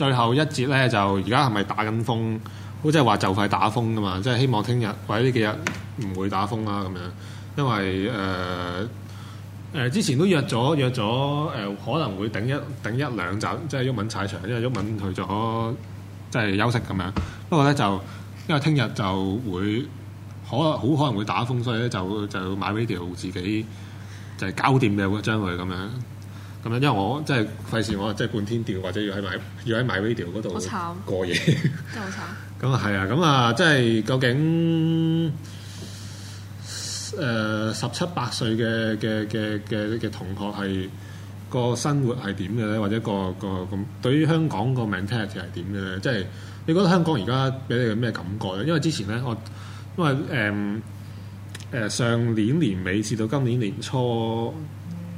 最後一節呢就而家係咪打緊風？好即係話就快打風㗎嘛，即係希望聽日或者呢幾日唔會打風啦、啊、咁樣。因為誒誒、呃呃、之前都約咗約咗誒、呃、可能會頂一頂一兩集，即係鬱文踩場，因為鬱文去咗即係休息咁樣。不過呢就因為聽日就會可好可能會打風，所以呢就就買 video 自己就係、是、搞掂嘅喎，將來咁樣。咁咧，因為我真係費事，我即係半天吊，或者要喺 My 要喺 My Radio 嗰度過夜， 真係好慘。咁啊係啊，咁啊即係究竟誒十七八歲嘅嘅嘅嘅嘅同學係個生活係點嘅咧？或者個個咁對於香港個 mentality 係點嘅咧？即係你覺得香港而家俾你嘅咩感覺咧？因為之前咧，我因為誒誒、嗯嗯、上年年尾至到今年年初，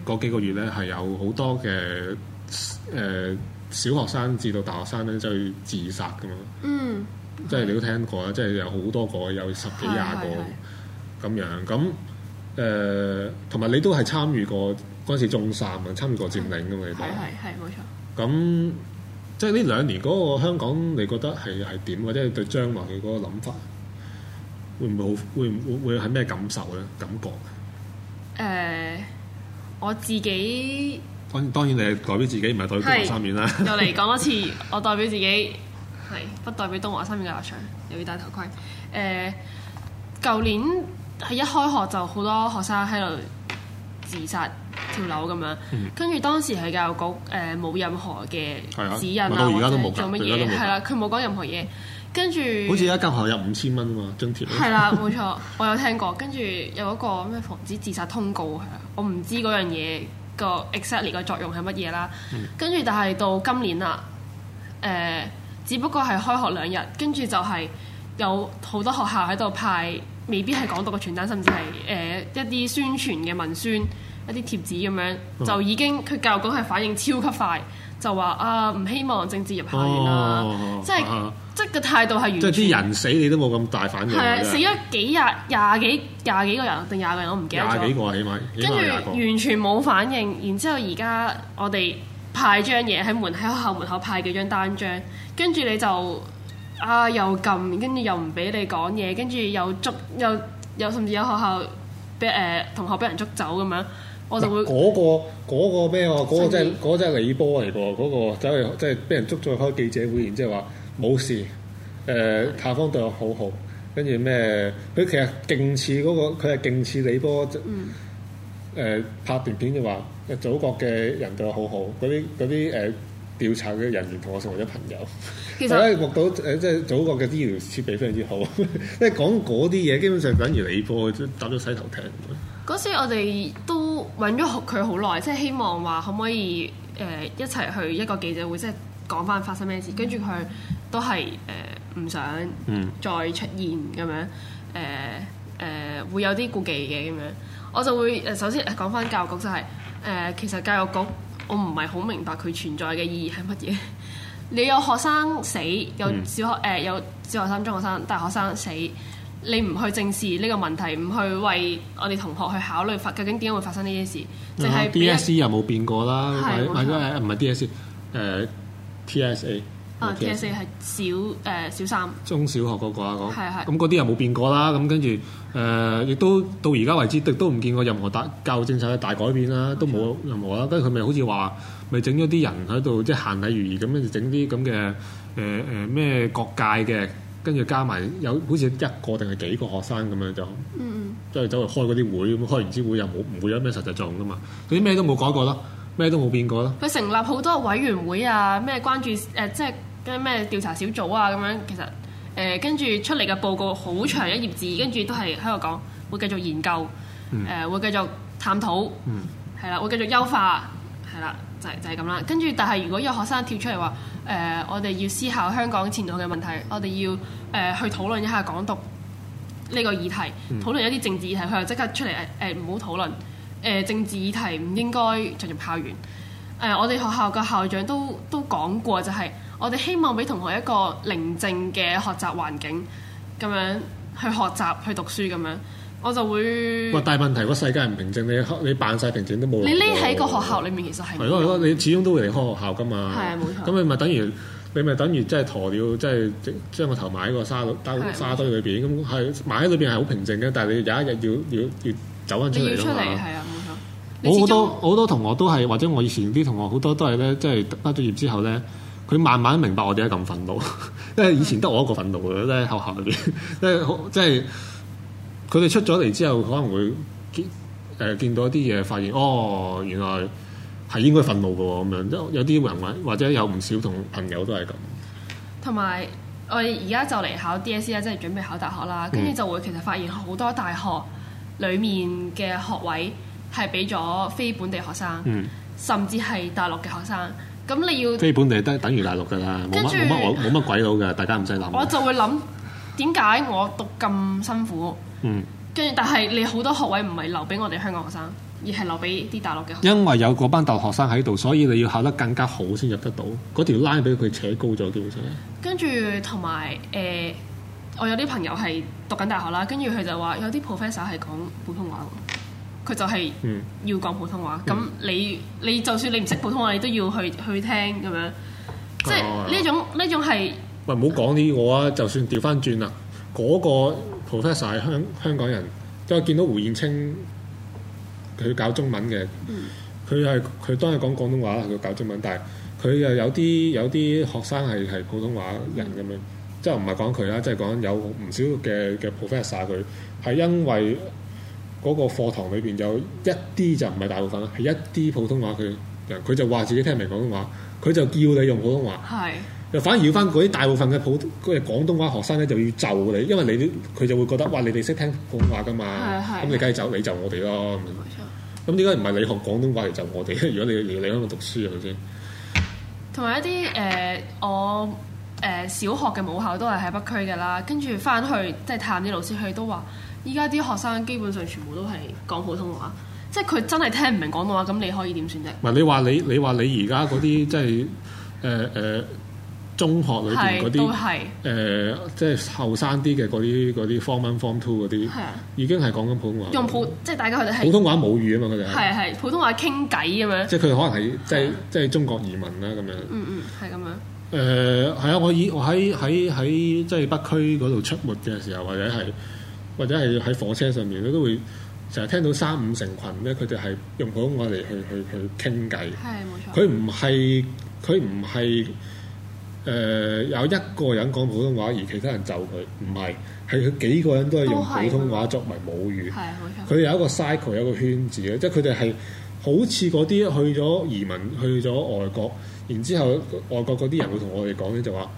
嗰幾個月咧，係有好多嘅誒、呃、小學生至到大學生咧，就去、是、自殺噶嘛。嗯。即係你都聽過啦，的即係有好多個，有十幾廿個咁樣。咁誒，同、呃、埋你都係參與過嗰陣時中三啊，參與過佔領，咁你係係係，冇錯。咁即係呢兩年嗰個香港，你覺得係係點？或者對將來嘅嗰個諗法，會唔會好？會會會係咩感受咧？感覺誒。嗯我自己，當然當然你係代表自己，唔係代表東華三院啦。又嚟講多次， 我代表自己，係不代表東華三院嘅立場，又要戴頭盔。誒、呃，舊年係一開學就好多學生喺度自殺跳樓咁樣，跟住、嗯、當時係教育局誒冇、呃、任何嘅指引啊做，到而家都冇做乜嘢。係啦，佢冇講任何嘢。嗯跟住好似而家教學有五千蚊啊嘛，津貼係啦，冇 錯，我有聽過。跟住有一個咩防止自殺通告，我唔知嗰樣嘢個 exactly 嘅作用係乜嘢啦。嗯、跟住但係到今年啦，誒、呃，只不過係開學兩日，跟住就係有好多學校喺度派，未必係港獨嘅傳單，甚至係誒、呃、一啲宣傳嘅文宣、一啲貼紙咁樣，就已經佢、嗯、教育局係反應超級快。就話啊，唔希望政治入校園啦，即係即係個態度係完全。即係人死你都冇咁大反應。係啊的，死咗幾廿廿幾廿幾個人定廿個人我唔記得咗。廿幾個起碼。跟住著完全冇反應，然之後而家我哋派張嘢喺門喺學校門口派幾張單張，跟住你就啊又撳，跟住又唔俾你講嘢，跟住又捉又又甚至有學校被誒、呃、同學俾人捉走咁樣。我就會、嗰個嗰、嗰個咩話？嗰、嗰個即係嗰個李波嚟、嗰個，嗰個走去即係俾人捉咗去開記者會，然之後話冇事。誒、呃，塔、嗯、方對我好好，跟住咩？佢其實勁似嗰個，佢係勁似李波。即誒、嗯呃，拍段片就話，誒祖國嘅人對我好好，嗰啲啲誒調查嘅人員同我成為咗朋友。其實我咧目睹即係祖國嘅醫療設備非常之好。即係講嗰啲嘢，基本上等於李波都搭咗洗頭艇。嗰時我哋。搵咗佢好耐，即係希望話可唔可以誒、呃、一齊去一個記者會，即係講翻發生咩事。跟住佢都係誒唔想再出現咁樣，誒、呃、誒、呃、會有啲顧忌嘅咁樣。我就會誒首先、呃、講翻教育局就係、是、誒、呃、其實教育局我唔係好明白佢存在嘅意義係乜嘢。 你有學生死，有小學誒、嗯呃、有小學生、中學生、大學生死。你唔去正視呢個問題，唔去為我哋同學去考慮，發究竟點解會發生呢啲事？淨係 D.S.E. 又冇變過啦，唔係 D.S.E. 誒 T.S.A. 啊 T.S.A. 係小誒、呃、小三中小學嗰個啊，係係咁嗰啲又冇變過啦，咁跟住誒亦都到而家為止，亦都唔見過任何大教育政策嘅大改變啦，都冇任何啦，跟住佢咪好似話咪整咗啲人喺度即係行禮如儀咁樣整啲咁嘅誒誒咩各界嘅。跟住加埋有好似一個定係幾個學生咁樣就、嗯，即係走去開嗰啲會咁，開完之後又冇唔會有咩實際作用噶嘛，佢啲咩都冇改過啦，咩都冇變過啦。佢成立好多委員會啊，咩關注誒、呃、即係咩調查小組啊咁樣，其實誒跟住出嚟嘅報告好長一頁字，嗯、跟住都係喺度講會繼續研究，誒、呃、會繼續探討，係啦、嗯，會繼續優化，係啦，就就係咁啦。跟住但係如果有學生跳出嚟話，誒、呃，我哋要思考香港前途嘅問題，我哋要誒、呃、去討論一下港獨呢個議題，討論一啲政治議題，佢就即刻出嚟誒誒唔好討論誒政治議題，唔應該進入校園。誒、呃，我哋學校嘅校長都都講過、就是，就係我哋希望俾同學一個寧靜嘅學習環境，咁樣去學習，去讀書，咁樣。我就會哇，大問題，個世界唔平靜，你你扮曬平靜都冇用。你匿喺個學校裏面，其實係係咯係咯，你始終都會離開學校噶嘛。係啊，冇錯。咁你咪等於你咪等於即係鴕鳥，即係將個頭埋喺個沙堆沙堆裏邊。咁係埋喺裏邊係好平靜嘅，但係你有一日要要要走翻出嚟。你要出嚟，係啊，冇錯。我好多好多同學都係，或者我以前啲同學好多都係咧，即係畢咗業之後咧，佢慢慢明白我點解咁憤怒， 因為以前得我一個憤怒嘅，即係學校裏邊，即係即係。即係即係佢哋出咗嚟之後，可能會見誒、呃、見到一啲嘢，發現哦，原來係應該憤怒嘅咁樣。有有啲人話，或者有唔少同朋友都係咁。同埋我哋而家就嚟考 DSE 啦，即係準備考大學啦。跟住就會其實發現好多大學裡面嘅學位係俾咗非本地學生，嗯、甚至係大陸嘅學生。咁你要非本地得等於大陸㗎啦，冇乜冇乜鬼佬㗎，大家唔使諗。我就會諗點解我讀咁辛苦？嗯，跟住但係你好多學位唔係留俾我哋香港學生，而係留俾啲大陸嘅學生。因為有嗰班大學生喺度，所以你要考得更加好先入得到。嗰條 line 俾佢扯高咗，基本上。跟住同埋誒，我有啲朋友係讀緊大學啦，跟住佢就話有啲 professor 係講普通話，佢就係要講普通話。咁、嗯、你你就算你唔識普通話，你都要去去聽咁樣。即係呢、哦哦、種呢、哦、種係。唔好講呢個啊！我就算調翻轉啦，嗰、那個。professor 係香香港人，即係見到胡燕青佢教中文嘅，佢係佢當然講廣東話，佢教中文，但係佢又有啲有啲學生係係普通話人咁樣、嗯，即係唔係講佢啦，即係講有唔少嘅嘅 professor 佢係因為嗰個課堂裏邊有一啲，就唔係大部分啦，係一啲普通話，佢佢就話自己聽唔明廣東話，佢就叫你用普通話。反而要翻嗰啲大部分嘅普通嗰啲廣東話學生咧，就要就你，因為你啲佢就會覺得哇，你哋識聽普通話噶嘛，咁你梗係走，你就我哋咯，咁點解唔係你學廣東話嚟就我哋？如果你如果你喺度讀書係咪先？同埋一啲誒、呃，我誒、呃、小學嘅母校都係喺北區噶啦，跟住翻去即係、就是、探啲老師去，去，都話依家啲學生基本上全部都係講普通話，即係佢真係聽唔明廣東話，咁你可以點算啫？唔係你話你你話你而家嗰啲即係誒誒。中學裏邊嗰啲誒，即係後生啲嘅嗰啲啲 Form One、Form Two 嗰啲，已經係講緊普通話，用普即係大家佢哋係普通話母語啊嘛，佢哋係係普通話傾偈咁樣，即係佢哋可能係即係即係中國移民啦咁樣。嗯嗯，係咁樣誒係啊。我以我喺喺喺即係北區嗰度出沒嘅時候，或者係或者係喺火車上面，我都會成日聽到三五成群咧。佢哋係用緊我哋用普通話嚟去去去傾偈，係冇錯。佢唔係佢唔係。誒、呃、有一個人講普通話，而其他人就佢，唔係，係佢幾個人都係用普通話作為母語。係，佢有一個 cycle，有一個圈子，即係佢哋係好似嗰啲去咗移民去咗外國，然之後外國嗰啲人會同我哋講呢，就話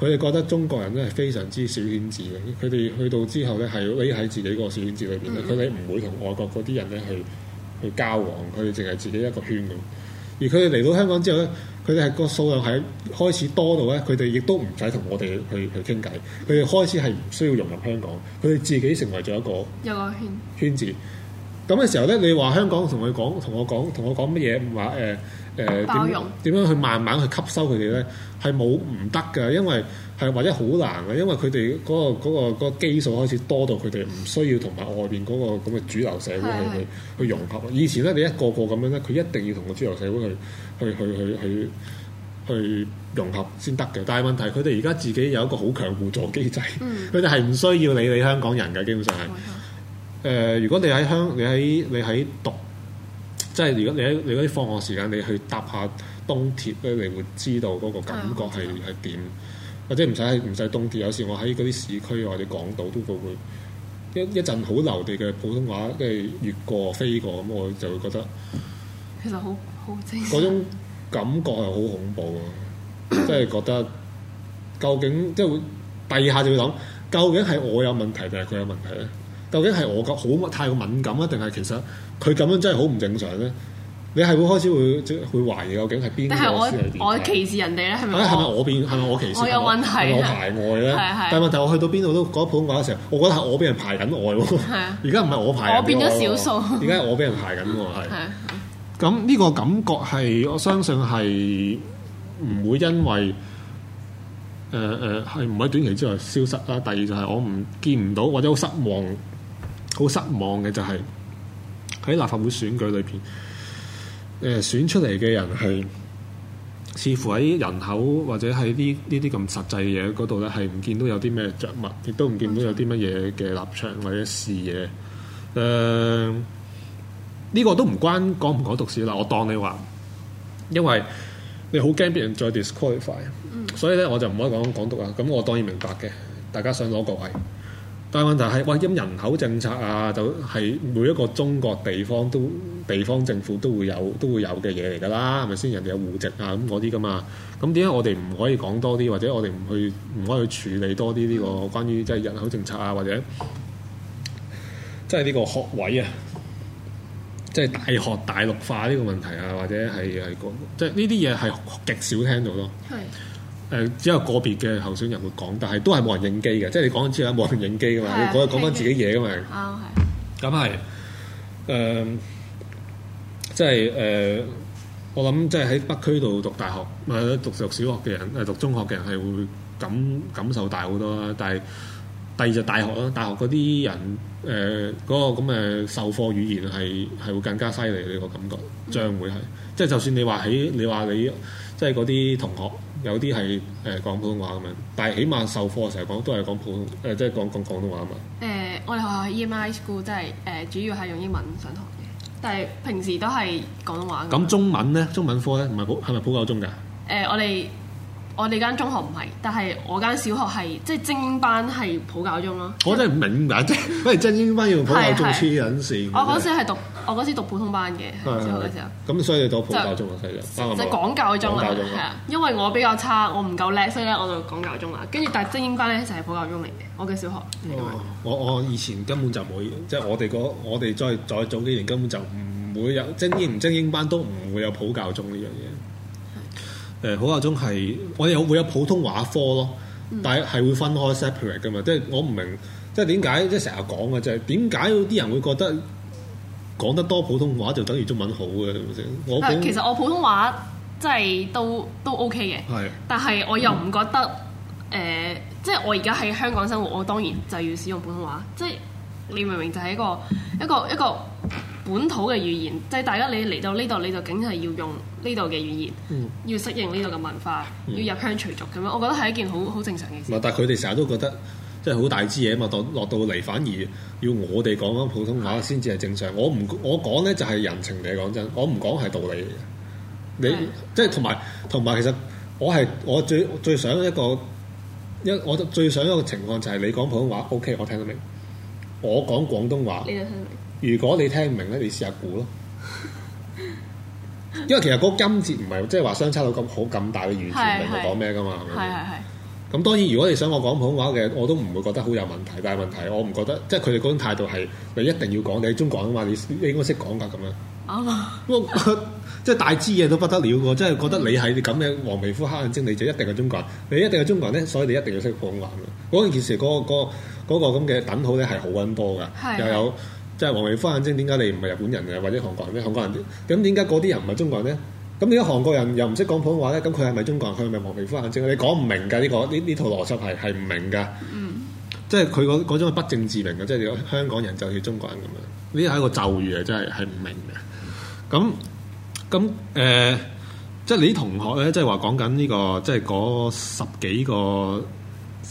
佢哋覺得中國人咧係非常之小圈子嘅，佢哋去到之後呢，係匿喺自己個小圈子裏邊，佢哋唔會同外國嗰啲人呢去去交往，佢哋淨係自己一個圈咁。而佢哋嚟到香港之後呢。佢哋係個數量係開始多到咧，佢哋亦都唔使同我哋去去傾偈。佢哋開始係唔需要融入香港，佢哋自己成為咗一個圈圈子。咁嘅時候咧，你話香港同佢講，同我講，同我講乜嘢？唔話誒誒，呃、包容點樣去慢慢去吸收佢哋咧？係冇唔得㗎，因為。係或者好難嘅，因為佢哋嗰個嗰個嗰個基數開始多到佢哋唔需要同埋外邊嗰個咁嘅主流社會去去是的 去融合。以前咧，你一個個咁樣咧，佢一定要同個主流社會去去去去去去融合先得嘅。但係問題，佢哋而家自己有一個好強互助機制，佢哋係唔需要理你你香港人嘅。基本上係誒、嗯呃，如果你喺香你喺你喺讀，即係如果你喺你嗰啲放學時間你去搭下東鐵咧，你會知道嗰個感覺係係點。的或者唔使唔使凍結，有時我喺嗰啲市區或者港島都會一，一一陣好流利嘅普通話，即係越過飛過，咁我就會覺得其實好好精。嗰種感覺係好恐怖啊！ 即係覺得究竟即係會第二下就會諗，究竟係我有問題定係佢有問題咧？究竟係我覺好太過敏感啊，定係其實佢咁樣真係好唔正常咧？你係會開始會即係會懷疑究竟係邊個，但係我誰我歧視人哋咧，係咪？啊係咪我變係咪我歧視？我有問題，啊。我排外咧。係係但係問題，我去到邊度都講普通話嘅時候，我覺得係我俾人排緊外喎。而家唔係我排。我變咗少數。而家係我俾人排緊喎？咁呢是是 個感覺係我相信係唔會因為誒誒係唔喺短期之內消失啦。第二就係我唔見唔到或者好失望，好失望嘅就係喺立法會選舉裏邊。誒選出嚟嘅人係似乎喺人口或者喺呢呢啲咁實際嘅嘢嗰度咧，係唔見到有啲咩著墨，亦都唔見到有啲乜嘢嘅立場或者視野。誒、呃、呢個都唔關講唔講港獨啦，我當你話，因為你好驚別人再 disqualify 所以咧我就唔可以講港獨啊。咁我當然明白嘅，大家想攞個位，但問題係哇，咁人口政策啊，就係每一個中國地方都。地方政府都會有都會有嘅嘢嚟㗎啦，係咪先？人哋有戶籍啊，咁嗰啲㗎嘛。咁點解我哋唔可以講多啲，或者我哋唔去唔可以去處理多啲呢個關於即係人口政策啊，或者即係呢個學位啊，即係大學大陸化呢個問題啊，或者係係講即係呢啲嘢係極少聽到咯。係誒，只有個別嘅候選人會講，但係都係冇人應機嘅。即係你講之後冇人應機㗎嘛？講講翻自己嘢㗎嘛？啊，咁係誒。嗯即係誒、呃，我諗即係喺北區度讀大學或者、呃、讀,讀小學嘅人誒、呃，讀中學嘅人係會感感受大好多啦。但係第二就大學啦，大學嗰啲人誒嗰、呃嗰個咁嘅授課語言係係會更加犀利呢個感覺，將會係即係就算你話喺你話你即係嗰啲同學有啲係誒講普通話咁樣，但係起碼授課嘅時候講都係講普通誒、呃，即係講講,講廣東話啊嘛。誒、呃，我哋學校係 EMI School 即係誒、呃、主要係用英文上堂。但係平時都係廣東話嘅。咁、嗯、中文咧，中文科咧，唔係普係咪普教中㗎？誒、呃，我哋我哋間中學唔係，但係我間小學係即係精英班係普教中咯。我真係唔明㗎，即係真精英班要普教中黐人線？我嗰時係讀。我嗰時讀普通班嘅，的小學嘅時候。咁所以你讀普教中就啊，係啦，就講教中文係啊，對因為我比較差，我唔夠叻，所以咧我就講教中文。跟住但精英班咧就係普教中嚟嘅，我嘅小學、哦。我我以前根本就冇，即、就、係、是、我哋嗰、那個、我哋再再早幾年根本就唔會有精英唔精英班都唔會有普教中呢樣嘢。係的、呃。普教中係我哋有會有普通話科咯，嗯、但係會分開 separate 噶嘛。即係我唔明，即係點解即係成日講嘅就係點解啲人會覺得？講得多普通話就等於中文好嘅，係咪先？我但其實我普通話真係都都 OK 嘅。係。但係我又唔覺得，誒、嗯呃，即係我而家喺香港生活，我當然就要使用普通話。即係你明唔明？就係一個一個一個本土嘅語言。即係大家你嚟到呢度，你就梗係要用呢度嘅語言，嗯、要適應呢度嘅文化，嗯、要入鄉隨俗咁樣。我覺得係一件好好正常嘅事。但係佢哋成日都覺得。即係好大支嘢嘛，落到嚟反而要我哋講緊普通話先至係正常。我唔我講呢就係人情嚟，講真，我唔講係道理嚟你是的 即係同埋同埋，其實我係我最最想一個一，我最想一個情況就係你講普通話 OK，我聽得明。我講廣東話，如果你聽唔明呢，你試下估咯。 因為其實嗰個音節唔係即係話相差到咁好咁大嘅語詞嚟講咩㗎嘛？係係咁當然，如果你想我講普通話嘅，我都唔會覺得好有問題。但係問題，我唔覺得，即係佢哋嗰種態度係，你一定要講你喺中國吖嘛你？你應該識講㗎咁樣。啊，oh. 即係大支嘢都不得了喎！即係覺得你係你咁嘅黃皮膚黑眼睛，你就一定係中國人。你一定係中國人咧，所以你一定要識講普通話。嗰件事嗰、嗰個、嗰個咁嘅、嗰個嗰個嗰個、等號咧係好揾多㗎，的又有即係、就是、黃皮膚黑眼睛，點解你唔係日本人嘅或者韓國人咧？韓國人咁點解嗰啲人唔係中國人咧？咁你啲韓國人又唔識講普通話咧，咁佢係咪中國人？佢係咪黃皮膚眼睛？你講唔明㗎呢、呢個呢呢套邏輯係係唔明㗎。嗯，即係佢個嗰種不證自明嘅，即係香港人就似中國人咁樣，呢係一個咒語嚟，真係係唔明嘅。咁咁誒，即係你啲同學咧，即係話講緊呢個，即係嗰十幾個。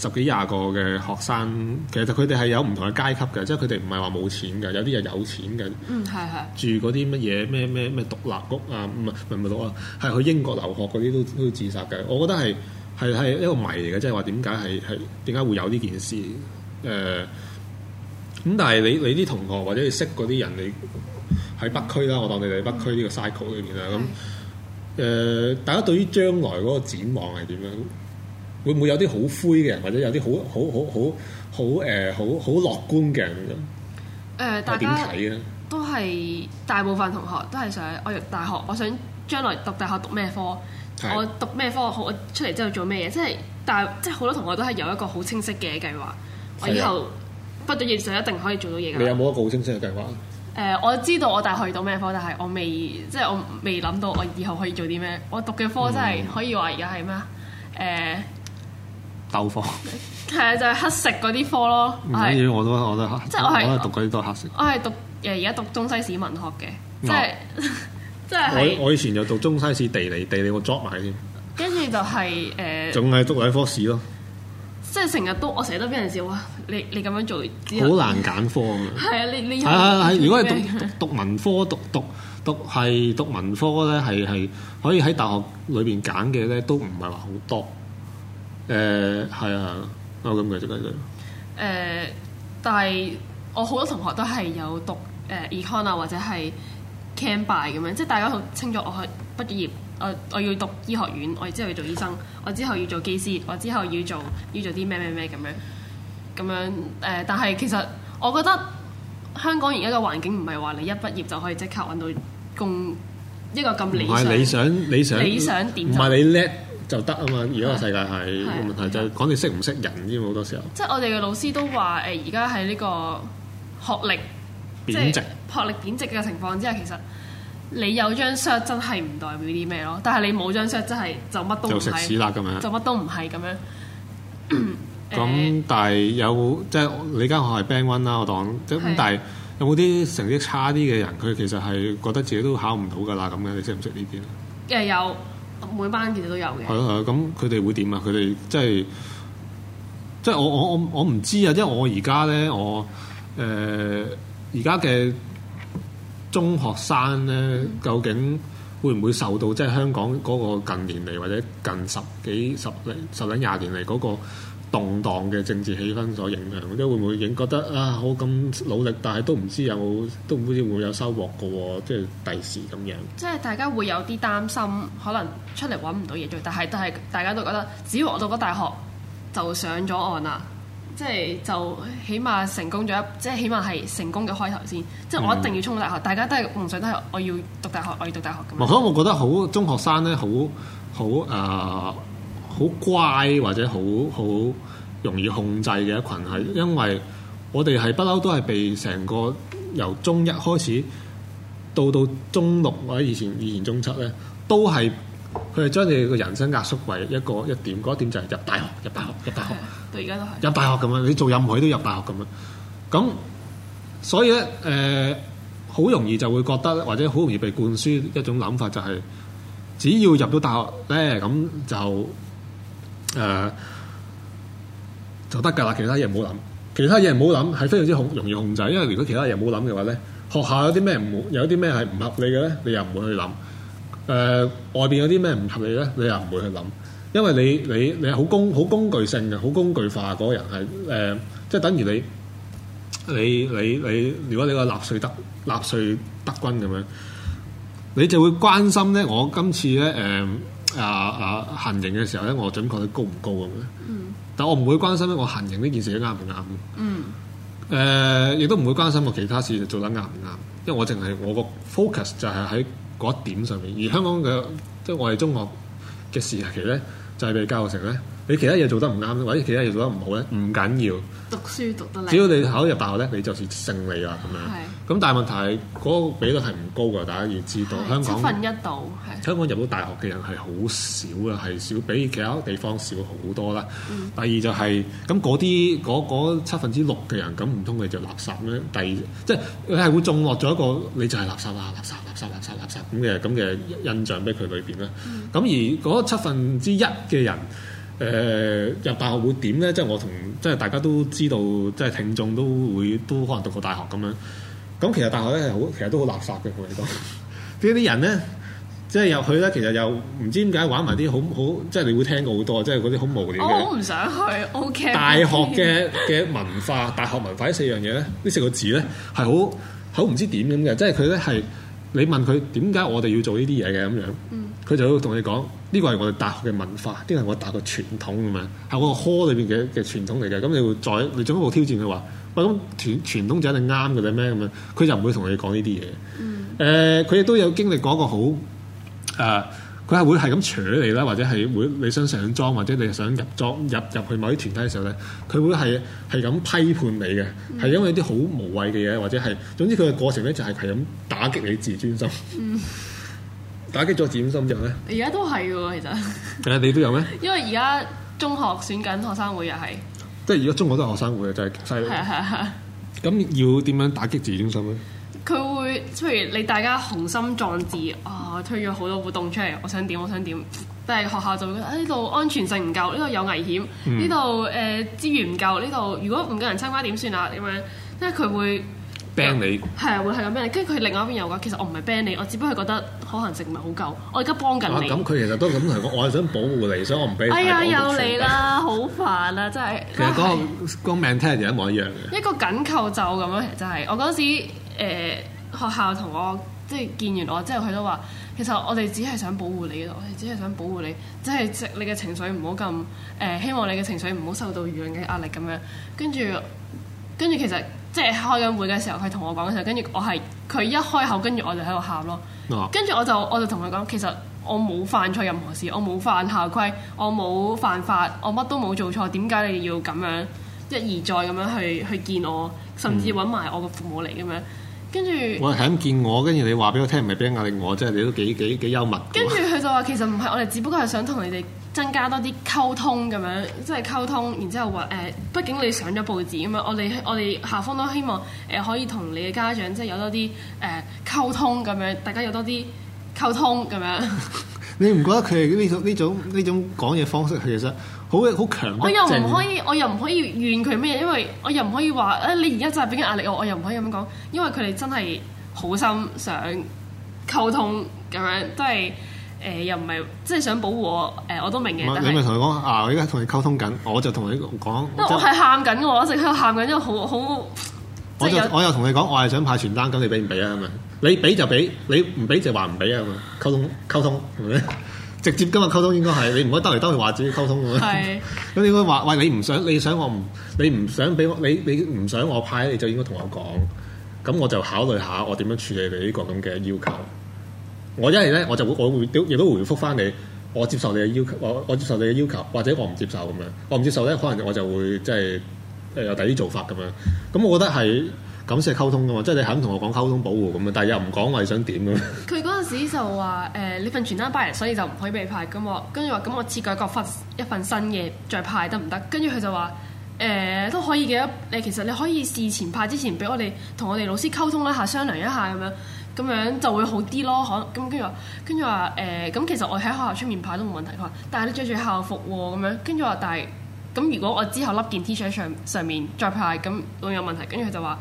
十幾廿個嘅學生，其實佢哋係有唔同嘅階級嘅，即係佢哋唔係話冇錢嘅，有啲係有錢嘅。嗯，係住嗰啲乜嘢咩咩咩獨立屋啊，唔係唔係讀啊，係去英國留學嗰啲都都自殺嘅。我覺得係係係一個謎嚟嘅，即係話點解係係點解會有呢件事？誒、呃、咁，但係你你啲同學或者你識嗰啲人，你喺北區啦，我當你哋喺北區呢個 cycle 裏面啦。咁誒、嗯嗯呃，大家對於將來嗰個展望係點樣？會唔會有啲好灰嘅人，或者有啲好好好好、呃、好誒好好樂觀嘅人咁？誒、呃嗯，大家點睇啊？都係大部分同學都係想我入大學，我想將來讀大學讀咩科，是我讀咩科，好，我出嚟之後做咩嘢？即係大即係好多同學都係有一個好清晰嘅計劃，的我以後畢咗業就一定可以做到嘢。你有冇一個好清晰嘅計劃？誒，我知道我大學要讀咩科，但係我未即係我未諗到我以後可以做啲咩。我讀嘅科真係、嗯、可以話而家係咩？誒、呃。呃鬥科，係啊，就係、是、黑食嗰啲科咯。唔緊要，我都我都即係我係讀嗰啲都係黑食。我係讀誒而家讀中西史文學嘅、啊，即係即係。我我以前就讀中西史地理，地理我 drop 埋先。跟住就係、是、誒，仲係捉嗰啲科史咯。即係成日都，我成日都俾人笑, 啊，你你咁樣做，好難揀科㗎。係啊，你你係啊係。如果係讀讀,讀,讀文科，讀讀讀係讀,讀文科咧，係係可以喺大學裏邊揀嘅咧，都唔係話好多。誒係啊係啊，我咁嘅，即係咁。誒、呃，但係我好多同學都係有讀誒 econ 啊，呃 e、cono，或者係 can by 咁樣，即係、就是、大家好清楚，我去畢業，我我要讀醫學院，我之後要做醫生，我之後要做機師，我之後要做要做啲咩咩咩咁樣，咁樣誒。但係其實我覺得香港而家嘅環境唔係話你一畢業就可以即刻揾到工，一個咁理想，理想，你想理想點？唔係你叻。就得啊嘛！而家個世界係個的問題就係講你識唔識人，知冇好多時候。即係我哋嘅老師都話誒，而家喺呢個學歷,值學歷貶值、學歷貶值嘅情況之下，其實你有張 cert 真係唔代表啲咩咯。但係你冇張 cert 真係就乜都就食屎啦咁樣， 就乜都唔係咁樣。咁但係有即係你間學校係 band one 啦，我當即咁的。但係有冇啲成績差啲嘅人，佢其實係覺得自己都考唔到㗎喇咁樣？你識唔識呢啲啊？誒有。每班其實都有嘅。係啊，係啊。 咁佢哋會點啊？佢哋即係即係我我我我唔知啊！因為我而家咧，我誒而家嘅中學生咧，嗯、究竟會唔會受到即係香港嗰個近年嚟或者近十幾十零十零廿年嚟嗰、嗰個動盪嘅政治氣氛所影響，即係會唔會已經覺得啊，我咁努力，但係都唔知有，有，都唔知會有，有收穫嘅喎，即係第時咁樣。即係大家會有啲擔心，可能出嚟搵唔到嘢做，但係都係大家都覺得，只要我讀咗大學就上咗岸啦，即係就起碼成功咗一，即係起碼係成功嘅開頭先。即係我一定要衝到大學，嗯、大家都係夢想都係我要讀大學，我要讀大學咁。可能、嗯、我，我覺得好中學生咧，好好啊。呃好乖或者好好容易控制嘅一群。係，因為我哋係不嬲都係被成個由中一開始到到中六或者以前以前中七咧，都係佢係將你個人生壓縮為一個一點，嗰一點就係入大學，入大學，入大學。到而家都係入大學咁樣，你做任何嘢都入大學咁樣，咁所以咧，誒、呃、好容易就會覺得或者好容易被灌輸一種諗法，就係，就係只要入到大學咧，咁就。誒、呃，就得㗎喇！其他嘢唔好諗，其他嘢唔好諗，係非常之好容易控制。因為如果其他嘢唔好諗嘅話咧，學校有啲咩唔會有啲咩係唔合理嘅咧，你又唔會去諗。誒、呃，外邊有啲咩唔合理咧，你又唔會去諗。因為你你你好工好工具性嘅，好工具化嗰、那個、人係誒、呃，即係等於你你你你，你，如果你個納粹德納粹德軍咁樣，你就會關心咧。我今次咧誒。呃啊啊，行刑嘅時候咧，我準確率高唔高咁樣？嗯、但我唔會關心咧，我行刑呢件事啱唔啱？嗯，誒、呃，亦都唔會關心我其他事做得啱唔啱，因為我淨係我個 focus 就係喺嗰一點上面。而香港嘅、嗯、即係我哋中國嘅事，其實中學嘅時期咧，就係被教成咧。你其他嘢做得唔啱，或者其他嘢做得唔好咧，唔緊要。讀書讀得，只要你考入大學咧，你就是勝利啊！咁樣。係是。咁但係問題係嗰、嗰個比率係唔高㗎，大家要知道。是香港。七分一度係。香港入到大學嘅人係好少㗎，係少比其他地方少好多啦。嗯、第二就係咁嗰啲嗰七分之六嘅人，咁唔通你就垃圾咩？第二即係佢係會種落咗一個你就係垃圾啊！垃圾垃圾垃圾垃圾咁嘅咁嘅印象俾佢裏邊啦。咁、嗯、而嗰七分之一嘅人。嗯嗯誒、呃、入大學會點咧？即係我同，即係大家都知道，即係聽眾都會，都可能讀過大學咁樣。咁其實大學咧係好，其實都好垃圾嘅。我哋講呢啲人咧，即係入去咧，其實又唔知點解玩埋啲好好，即係你會聽過好多，即係嗰啲好無聊嘅。我好唔想去。OK。大學嘅嘅文化，大學文化呢四樣嘢咧，呢四個字咧，係好，好唔知點咁嘅，即係佢咧係。你問佢點解我哋要做呢啲嘢嘅，咁樣，佢就會同你講呢個係我哋大學嘅文化，呢個係我大學傳統咁樣，係我個科裏邊嘅嘅傳統嚟嘅。咁你會再你進一步挑戰佢話，喂，咁傳傳統就一定啱嘅你咩咁樣，佢就唔會同你講呢啲嘢。誒、嗯，佢亦、呃、都有經歷過一個好誒。呃佢係會係咁處理你啦，或者係會你想上莊或者你想入莊入入，入去某啲團體嘅時候咧，佢會係係咁批判你嘅，係、嗯、因為一啲好無謂嘅嘢，或者係，總之佢嘅過程咧就係係咁打擊你自尊心，嗯、打擊咗自尊心之後咧，而家都係喎，其實誒 你都有咩？因為而家中學選緊學生會又係，即係而家中學都係學生會嘅，就係犀利。係係，咁要點樣打擊自尊心咧？佢會，譬如你大家雄心壯志啊，推咗好多活動出嚟，我想點我想點，但係學校就會覺得呢度安全性唔夠，呢度有危險，呢度誒資源唔夠，呢度如果唔夠人參加點算啊？咁樣，即係佢會 ban 你，係啊，會係咁 ban，跟住佢另外一邊又講，其實我唔係 ban 你，我只不過係覺得可行性唔係好夠，我而家幫緊你。咁佢其實都咁嚟講，我係想保護你，所以我唔俾。哎呀，又嚟啦，好煩啦，真係。其實嗰個講名聽係一模一樣嘅。一個緊扣咒咁樣，其實就係我嗰時。誒學校同我即係見完我，之後佢都話，其實我哋只係想保護你，我哋只係想保護你，即係你嘅情緒唔好咁誒，希望你嘅情緒唔好受到輿論嘅壓力咁樣。跟住跟住，其實即係開緊會嘅時候，佢同我講嘅時候，跟住我係佢一開口，跟住我就喺度喊咯。跟住、oh. 我就我就同佢講，其實我冇犯錯任何事，我冇犯校規，我冇犯法，我乜都冇做錯，點解你要咁樣一而再咁樣去去見我，甚至揾埋我嘅父母嚟咁樣？跟住我係咁見我，跟住你話俾我聽，唔係俾壓力我即係。你都幾幾幾幽默。跟住佢就話其實唔係我哋，只不過係想同你哋增加多啲溝通咁樣，即係溝通。然之後話誒、呃，畢竟你上咗報紙咁樣，我哋我哋校方都希望誒、呃、可以同你嘅家長即係有多啲誒、呃、溝通咁樣，大家有多啲溝通咁樣。 你唔覺得佢係呢種呢種呢種講嘢方式，佢其實？好好強！我又唔可以，我又唔可以怨佢咩？因為我又唔可以話誒、啊，你而家就係俾緊壓力我，我又唔可以咁樣講，因為佢哋真係好心想溝通咁樣，都係誒、呃，又唔係即係想保護我誒、呃，我都明嘅。你咪同佢講啊！我而家同你溝通緊，我就同你講。我係喊緊我一直喺度喊緊，因為好好。我我又同你講，我係想派傳單，咁你俾唔俾啊？咁樣你俾就俾，你唔俾就話唔俾啊！溝通溝通。係咪？直接今日溝通應該係你唔可以兜嚟兜去話自己溝通嘅咩？咁應該話喂，你唔想你想我唔你唔想俾我，你你唔想我派，你就應該同我講，咁我就考慮下我點樣處理你呢個咁嘅要求。我一係咧我就會我會我亦都回覆翻你，我接受你嘅要求，我我接受你嘅要求，或者我唔接受咁樣，我唔接受咧，可能我就會即係誒有第二啲做法咁樣。咁我覺得係。咁先係溝通㗎嘛，即係你肯同我講溝通保護咁啊，但係又唔講我係想點咁。佢嗰陣時就話誒、呃，你份傳單擺人，所以就唔可以被派咁喎。跟住話，咁我設計個一份新嘅再派得唔得？跟住佢就話誒、呃、都可以嘅，你其實你可以事前派之前俾我哋同我哋老師溝通一下，商量一下咁樣，咁樣就會好啲咯。可咁跟住話，跟住話誒，咁、呃、其實我喺學校出面派都冇問題。佢話、哦，但係你着住校服喎咁樣。跟住話，但係咁如果我之後笠件 T 恤上上面再派咁都有問題。跟住佢就話。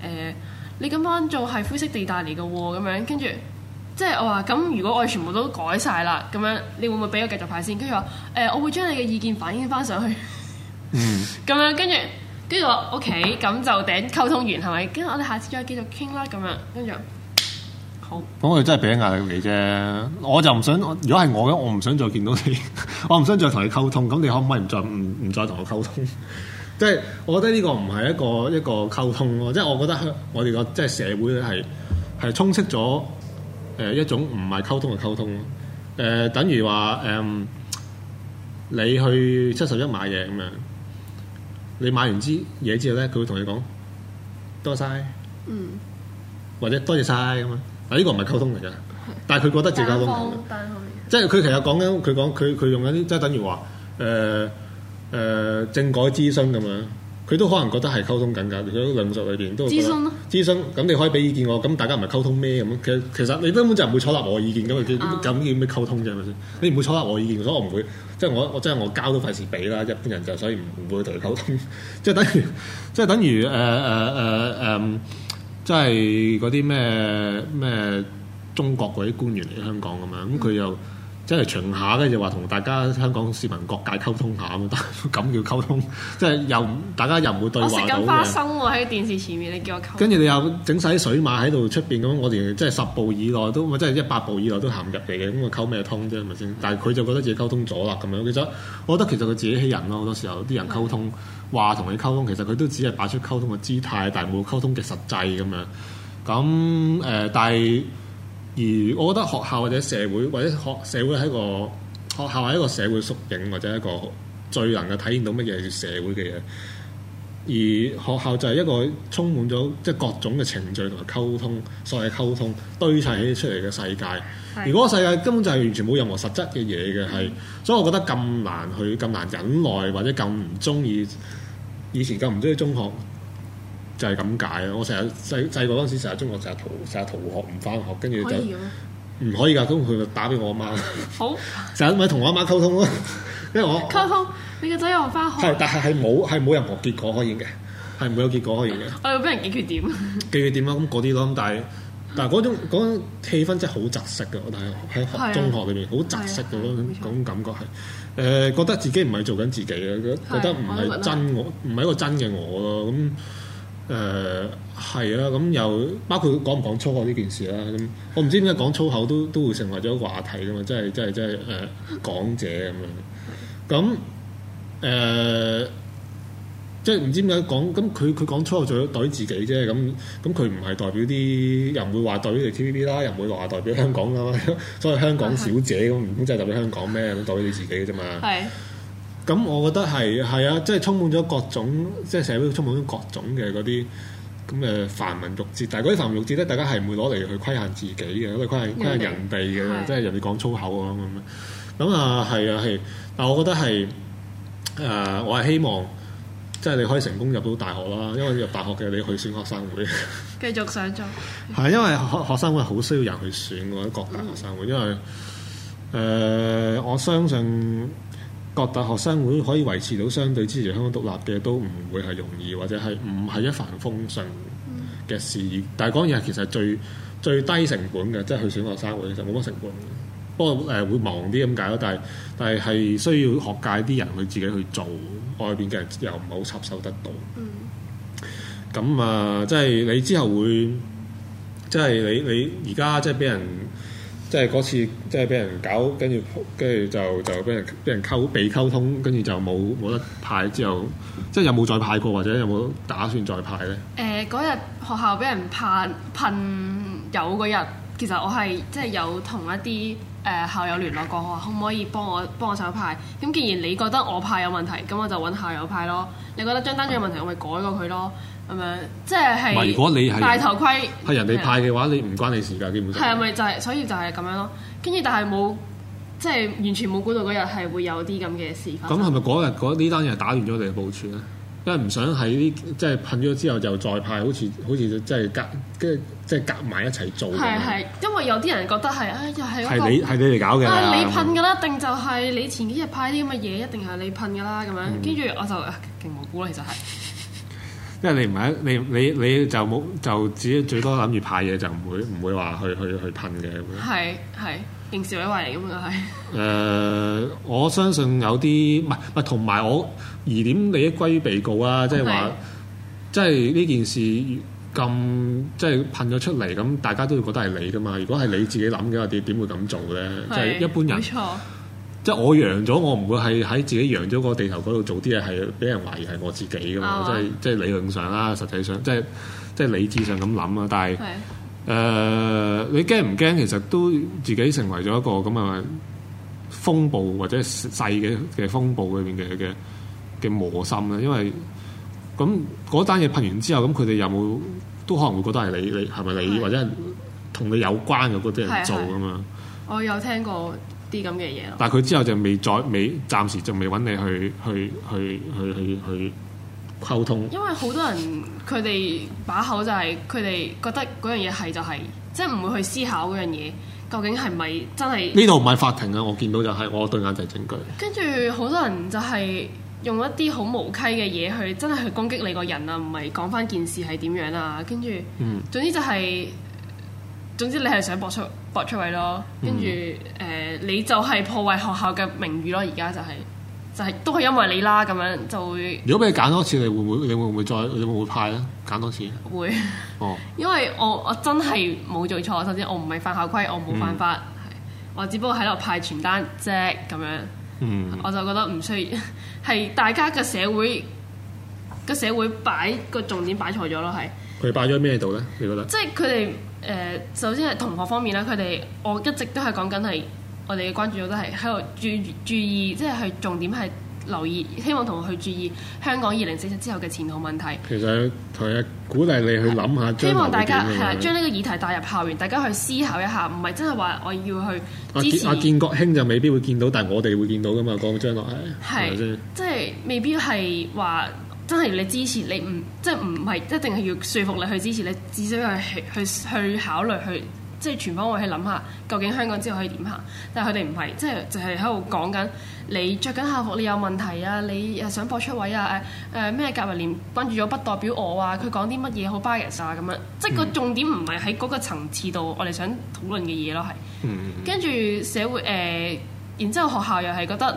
誒、欸，你今晚做係灰色地帶嚟㗎喎，咁樣跟住，即係我話咁，如果我全部都改晒啦，咁樣你會唔會俾我繼續排先？跟住我誒、欸，我會將你嘅意見反映翻上去。嗯。咁樣跟住，跟住我 OK，咁就頂溝通完係咪？跟住我哋下次再繼續傾啦，咁樣跟住好。咁我哋真係俾緊壓力你啫，我就唔想，如果係我嘅，我唔想再見到你， 我唔想再同你溝通，咁你可唔可以唔再唔唔再同我溝通？ 即係，我覺得呢個唔係一個一個溝通咯，即係我覺得我哋個即係社會咧，係係充斥咗誒一種唔係溝通嘅溝通咯。誒，等於話誒，你去七十一買嘢咁樣，你買完支嘢之後咧，佢會同你講多晒，嗯，或者多謝晒咁啊！嗱，呢個唔係溝通嚟噶，但係佢覺得自己溝通，即係佢其實講緊佢講佢佢用緊啲，即係等於話誒。呃誒、呃、政改諮詢咁樣，佢都可能覺得係溝通緊㗎。如果論述裏邊都會諮詢咯，諮詢咁你可以俾意見我。咁大家唔係溝通咩咁？其實其實你根本就唔會採納我意見咁，咁、嗯、叫咩溝通啫？係咪先？你唔會採納我意見，所以我唔會即係我我即係我交都費事俾啦。一般人就所以唔唔會同佢溝通。 即係等於即係等於誒誒誒誒，即係嗰啲咩咩中國嗰啲官員嚟香港咁樣咁，佢又。嗯即係巡下，跟住話同大家香港市民各界溝通下咁，咁 叫溝通，即係又大家又唔會對話、啊、到。我食緊花生喎，喺電視前面，你叫我溝。跟住你又整晒啲水馬喺度出邊咁，我哋即係十步以內都，即係一百步以內都行唔入嚟嘅，咁個溝咩通啫？係咪先？但係佢就覺得自己溝通咗啦咁樣。其實我覺得其實佢自己欺人咯。好多時候啲人溝通話同你溝通，其實佢都只係擺出溝通嘅姿態，但係冇溝通嘅實際咁樣。咁誒、呃，但係。而我覺得學校或者社會或者學社會係一個學校，喺一個社會縮影，或者一個最能夠體驗到乜嘢社會嘅嘢。而學校就係一個充滿咗即係各種嘅程序同埋溝通，所謂溝通堆砌起出嚟嘅世界。嗯、而嗰個世界根本就係完全冇任何實質嘅嘢嘅，係，嗯、所以我覺得咁難去，咁難忍耐，或者咁唔中意以前，咁唔中意中學。就係咁解咯。我成日細細個嗰陣時，成日中學成日逃成日逃學，唔翻學，跟住就唔可以噶。咁佢打俾我阿媽，媽，好就咁咪同我阿媽，媽溝通咯。因為我溝通我你個仔又唔翻學，但係係冇係冇任何結果可以嘅，係冇有結果可以嘅。我要俾人解決點？ 解決點啊？咁嗰啲咯。咁但係但係嗰種嗰種氣氛真係好窒息嘅。我但係喺中學裏面好窒息嘅咯，嗰種感覺係誒錯、呃、覺得自己唔係做緊自己嘅，覺得唔係真我，唔係的一個真嘅我咯咁。誒係、呃、啊，咁又包括、呃、講唔、呃、講粗口呢件事啦。咁我唔知點解講粗口都都會成為咗一個話題噶嘛？即係真係真係誒講者咁樣。咁誒即係唔知點解講咁佢佢講粗口就代表自己啫。咁咁佢唔係代表啲，又唔會話代表你 TVB 啦，又唔會話代表香港啦。所謂香港小姐咁，唔通真係代表香港咩？代表你自己嘅啫嘛。係。咁我覺得係係啊，即係充滿咗各種，即係社會充滿咗各種嘅嗰啲咁嘅繁文縟節。但係嗰啲繁文縟節咧，大家係唔會攞嚟去規限自己嘅，因為規限規限人哋家嘅，是即係人哋講粗口咁咁啦。咁啊係啊係，但我覺得係誒、呃，我係希望即係你可以成功入到大學啦，因為入大學嘅你去選學生會，繼續上進。係因為學學生會好需要人去選嗰啲各級學生會，因為誒、呃、我相信。學大學生會可以維持到相對支持香港獨立嘅，都唔會係容易或者係唔係一帆風順嘅事。嗯、但係講嘢其實最最低成本嘅，即係去選學生會其實冇乜成本。不過誒會忙啲咁解咯，但係但係係需要學界啲人去自己去做，外邊嘅人又唔好插手得到。咁、嗯、啊，即係你之後會，即係你你而家即係俾人。即係嗰次，即係俾人搞，跟住跟住就就俾人俾人溝俾溝通，跟住就冇冇得派。之後即係有冇再派過，或者有冇打算再派咧？誒、呃，嗰日學校俾人噴噴油嗰日，其實我係即係有同一啲誒、呃、校友聯絡過，我話可唔可以幫我幫我手派？咁既然你覺得我派有問題，咁我就揾校友派咯。你覺得張單張有問題，嗯、我咪改過佢咯。咁樣即係如果你係戴頭盔，係人哋派嘅話，是啊、你唔關你事㗎，基本上係咪、啊、就係、是、所以就係咁樣咯？跟住但係冇即係完全冇估到嗰日係會有啲咁嘅事發生。咁係咪嗰日嗰呢單嘢打亂咗你嘅部署咧？嗯、因為唔想喺呢，即、就、係、是、噴咗之後就再派，好似好似真係隔跟住即係夾埋一齊做、啊。係係，因為有啲人覺得係唉，又係一係你係你哋搞嘅，但係你噴㗎啦，定就係你前幾日派啲咁嘅嘢，一定係你噴㗎啦咁樣。跟住、嗯、我就勁無辜啦，其實係。因為你唔係你你你就冇就自己最多諗住派嘢，就唔會唔會話去去去噴嘅咁樣。係係刑事委懷嚟㗎嘛係。誒我相信有啲唔係唔係，同埋我疑點利益歸於被告啊，即係話即係呢件事咁即係噴咗出嚟咁，大家都會覺得係你㗎嘛。如果係你自己諗嘅話，點點會咁做咧？即係是一般人。即係我揚咗，我唔會係喺自己揚咗個地頭嗰度做啲嘢，係俾人懷疑係我自己㗎嘛。啊、即係即係理論上啦，實際上即係即係理智上咁諗啊。但係誒的、呃，你驚唔驚？其實都自己成為咗一個咁啊風暴或者細嘅嘅風暴裏面嘅嘅嘅磨心啊。因為咁嗰單嘢噴完之後，咁佢哋有冇都可能會覺得係你，係係你係咪你或者係同你有關嘅嗰啲人做㗎嘛？我有聽過。啲咁嘅嘢咯，但係佢之後就未再未暫時就未揾你去去去去去去溝通，因為好多人佢哋把口就係佢哋覺得嗰樣嘢係就係，即係唔會去思考嗰樣嘢究竟係咪真係，呢度唔係法庭啊！我見到就係我對眼就係證據，跟住好多人就係用一啲好無稽嘅嘢去真係去攻擊你個人啊，唔係講翻件事係點樣啊，跟住嗯，總之就係。總之你係想博出博出位咯，跟住誒你就係破壞學校嘅名譽咯，而家就係、係、就係、係、都係因為你啦咁樣就會。如果俾你揀多次，你會唔會你會唔會再你會唔會，會，會派咧？揀多次。會。哦。因為我我真係冇做錯，首先我唔係犯校規，我冇犯法、嗯，我只不過喺度派傳單啫咁樣。嗯、我就覺得唔需要，係大家嘅社會個社會擺個重點擺錯咗咯，係。佢擺咗喺咩度咧？你覺得？即係佢哋。誒、呃，首先係同學方面啦，佢哋我一直都係講緊係我哋嘅關注組都係喺度注注意，即係係重點係留意，希望同學去注意香港二零四七之後嘅前途問題。其實台嘅鼓勵你去諗下，希望大家係啦，將呢個議題帶入校園，大家去思考一下，唔係真係話我要去支持。阿阿建國興就未必會見到，但係我哋會見到噶嘛？講、那個、將來係係即係未必係話。真係要你支持，你唔即係唔係一定係要說服你去支持，你要去，至少係去去考慮，去即係全方位去諗下，究竟香港之後可以點行？但係佢哋唔係即係就係喺度講緊你着緊校服你有問題啊，你誒想搏出位啊誒誒咩？隔、呃、閡連關注咗不代表我啊，佢講啲乜嘢好 bias 啊咁樣，即係個重點唔係喺嗰個層次度，我哋想討論嘅嘢咯，係跟住社會誒、呃，然之後學校又係覺得誒、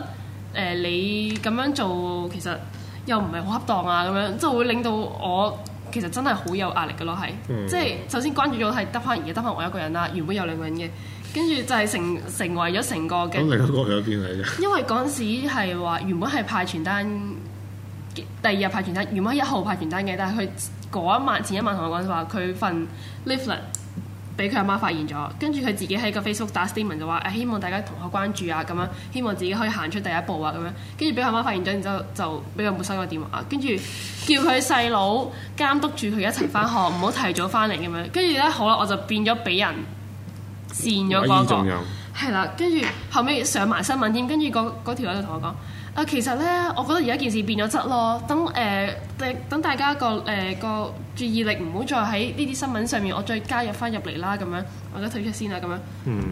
呃、你咁樣做其實。又唔係好恰當啊，咁樣即係會令到我其實真係好有壓力嘅咯，係，嗯、即係首先關注咗係得翻而家得翻我一個人啦，原本有兩個人嘅，跟住就係成成為咗成個嘅。嗯、因為嗰陣時係話原本係派傳單，第二日派傳單，原本一號派傳單嘅，但係佢嗰一晚前一晚同我講話，佢份 leaflet 俾佢阿媽發現咗，跟住佢自己喺個 Facebook 打 statement 就話誒、哎、希望大家同學關注啊咁樣，希望自己可以行出第一步啊咁樣，跟住俾佢阿媽發現咗，然之後就俾佢冇收個電話，跟住叫佢細佬監督住佢一齊翻學，唔好 提早翻嚟咁樣。跟住咧好啦，我就變咗俾人線咗嗰個，係啦。跟住後尾上埋新聞添，那個、跟住嗰嗰條友就同我講。啊，其實咧，我覺得而家件事變咗質咯。等誒、呃，等大家個誒、呃、個注意力唔好再喺呢啲新聞上面，我再加入翻入嚟啦。咁樣，或者退出先啦。咁樣。嗯，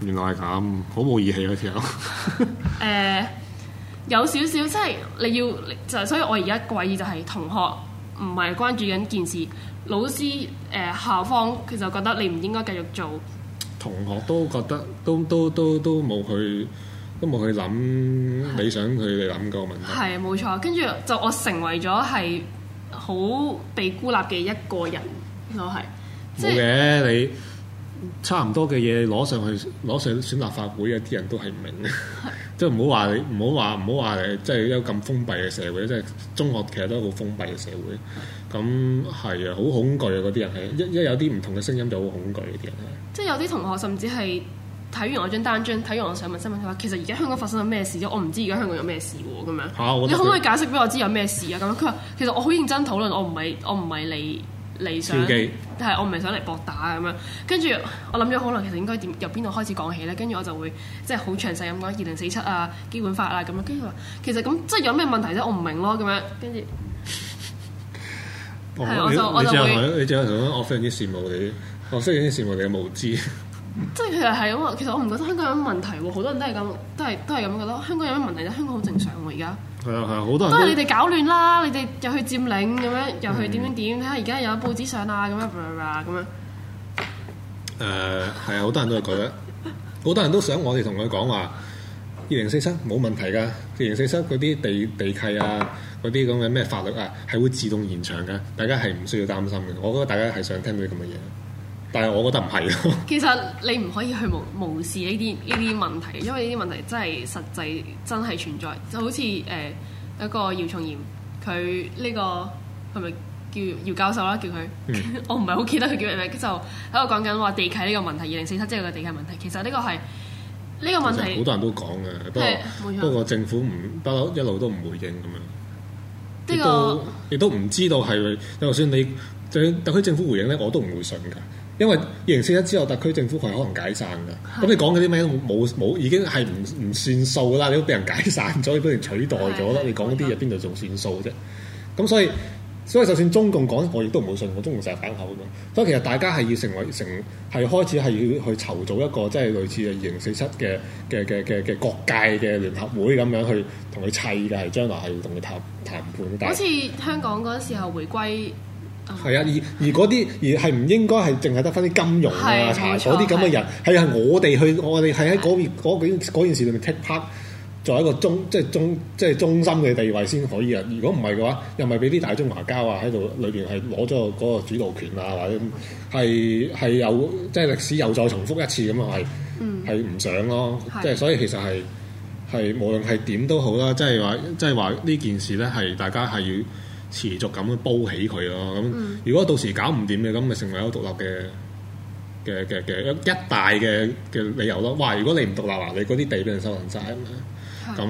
原來係咁，好冇義氣嗰時候。誒、 呃，有少少即係你要就，所以我而家嘅意就係同學唔係關注緊件事，老師誒、呃、校方其實覺得你唔應該繼續做。同學都覺得，都都都都冇去。都冇去諗你想佢哋諗個問題，係啊冇錯。跟住就我成為咗係好被孤立嘅一個人，我係冇嘅。的嗯、你差唔多嘅嘢攞上去攞上去選立法會啊！啲人都係唔明嘅，即係唔好話你，唔好話唔好話你，即係、就是、有咁封閉嘅社會，即、就、係、是、中學其實都係好封閉嘅社會。咁係啊，好恐懼啊！嗰啲人係一一有啲唔同嘅聲音就好恐懼嗰啲人係，即係有啲同學甚至係。睇完我張單張，睇完我想問新聞，佢話其實而家香港發生咗咩事？我唔知而家香港有咩事喎，咁樣。啊、你可唔可以解釋俾我知有咩事啊？咁樣，佢話其實我好認真討論，我唔係我唔係嚟嚟想，係機我唔係想嚟博打咁樣。跟住我諗咗好耐，可能其實應該點由邊度開始講起咧？跟住我就會即係好詳細咁講二零四七啊、基本法啦咁樣。跟住話其實咁即係有咩問題啫？我唔明咯，咁樣跟住。係，我就之我就會，你就同我非常之羨慕你，你，你，我非常之羨慕你嘅無知。 即係其實係咁啊！其實我唔覺得香港有乜問題喎，好多人都係咁，都係都係咁覺得香港有乜問題咧？香港好正常喎，而家係啊係啊，好多人都係你哋搞亂啦！你哋又去佔領咁樣，又去點點點，睇下而家有報紙上啊咁樣，咁樣誒係啊！好、呃、多人都係咁樣，好 多人都想我哋同佢講話，二零四七冇問題噶，二零四七嗰啲地地契啊，嗰啲咁嘅咩法律啊，係會自動延長噶，大家係唔需要擔心嘅。我覺得大家係想聽到啲咁嘅嘢。但係我覺得唔係咯。其實你唔可以去無無視呢啲呢啲問題，因為呢啲問題真係實際真係存在。就好似誒、呃、一個姚松炎，佢呢、呢個係咪叫姚教授啦？叫佢，嗯、 我唔係好記得佢叫咩名。就喺度講緊話地契呢個問題，二零四七即係個地契問題。其實呢個係呢、呢個問題好多人都講嘅，不過，不過政府唔不嬲一路都唔回應咁樣，呢、呢個、都亦都唔知道係就算你特區政府回應咧，我都唔會信㗎。因為二零四七之後，特區政府係可能解散噶。咁的你講嗰啲咩冇冇，已經係唔唔算數啦。你都俾人解散咗，你俾人取代咗啦。的你講嗰啲嘢邊度仲算數啫？咁的所以，的所以就算中共講，我亦都唔好信。我中共成日反口咁。所以其實大家係要成為成係開始係要去籌組一個即係類似係二零四七嘅嘅嘅嘅嘅各界嘅聯合會咁樣去同佢砌嘅，係將來係要同佢談談判。但好似香港嗰時候回歸。係啊，而而嗰啲而係唔應該係淨係得翻啲金融啊，嗰啲咁嘅人係係我哋去，我哋係喺嗰件事裏面 take part，作為一個中即係中即係中心嘅地位先可以啊！如果唔係嘅話，又咪俾啲大中華交啊喺度裏邊係攞咗嗰個主導權啊，或者係係有即係歷史又再重複一次咁啊，係係唔想咯！即係所以其實係係無論係點都好啦，即係話即係話呢件事咧係大家係要。持續咁煲起佢咯，咁、嗯、如果到時搞唔掂嘅，咁咪成為獨一個獨立嘅嘅嘅嘅一一大嘅嘅理由咯。哇！如果你唔獨立嗱，你嗰啲地俾人收人晒，啊咁誒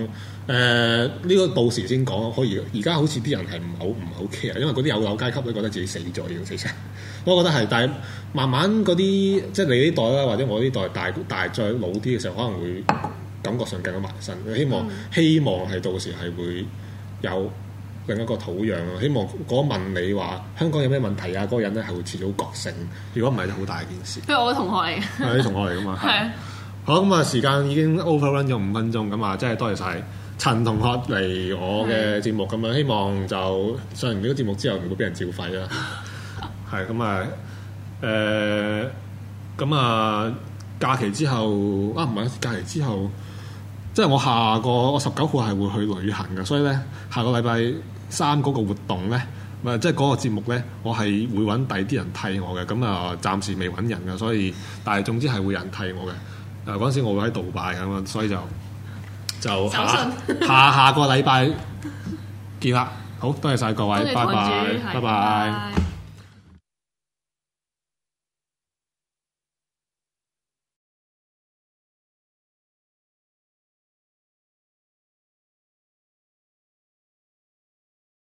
呢個到時先講，可以而家好似啲人係唔好唔好企啊，因為嗰啲有樓階級都覺得自己死咗要死曬。 我覺得係，但係慢慢嗰啲即係你呢代啦，或者我呢代大大，大再老啲嘅時候，可能會感覺上更加麻煩。希望、嗯、希望係到時係會有。另一個土壤啊！希望嗰問你話香港有咩問題啊？嗰、那個、人咧係會遲早覺醒。如果唔係，就好大件事。即係我同學嚟。係啲 同學嚟噶嘛？係 是。好咁啊！時間已經 overrun 咗五分鐘，咁啊，真係多謝晒陳同學嚟我嘅節目咁啊！嗯、希望就上完呢個節目之後，唔會俾人照肺啦。 係咁啊！誒、嗯，咁、嗯、啊、嗯嗯，假期之後啊，唔係假期之後。即係我下個我十九號係會去旅行嘅，所以咧下個禮拜三嗰個活動咧，咪即係嗰個節目咧，我係會揾第二啲人替我嘅，咁啊、呃、暫時未揾人嘅，所以但係總之係會有人替我嘅。誒嗰陣時我會喺杜拜咁樣，所以就就下守信 下下個禮拜見啦。好，多謝晒各位，拜拜，拜拜。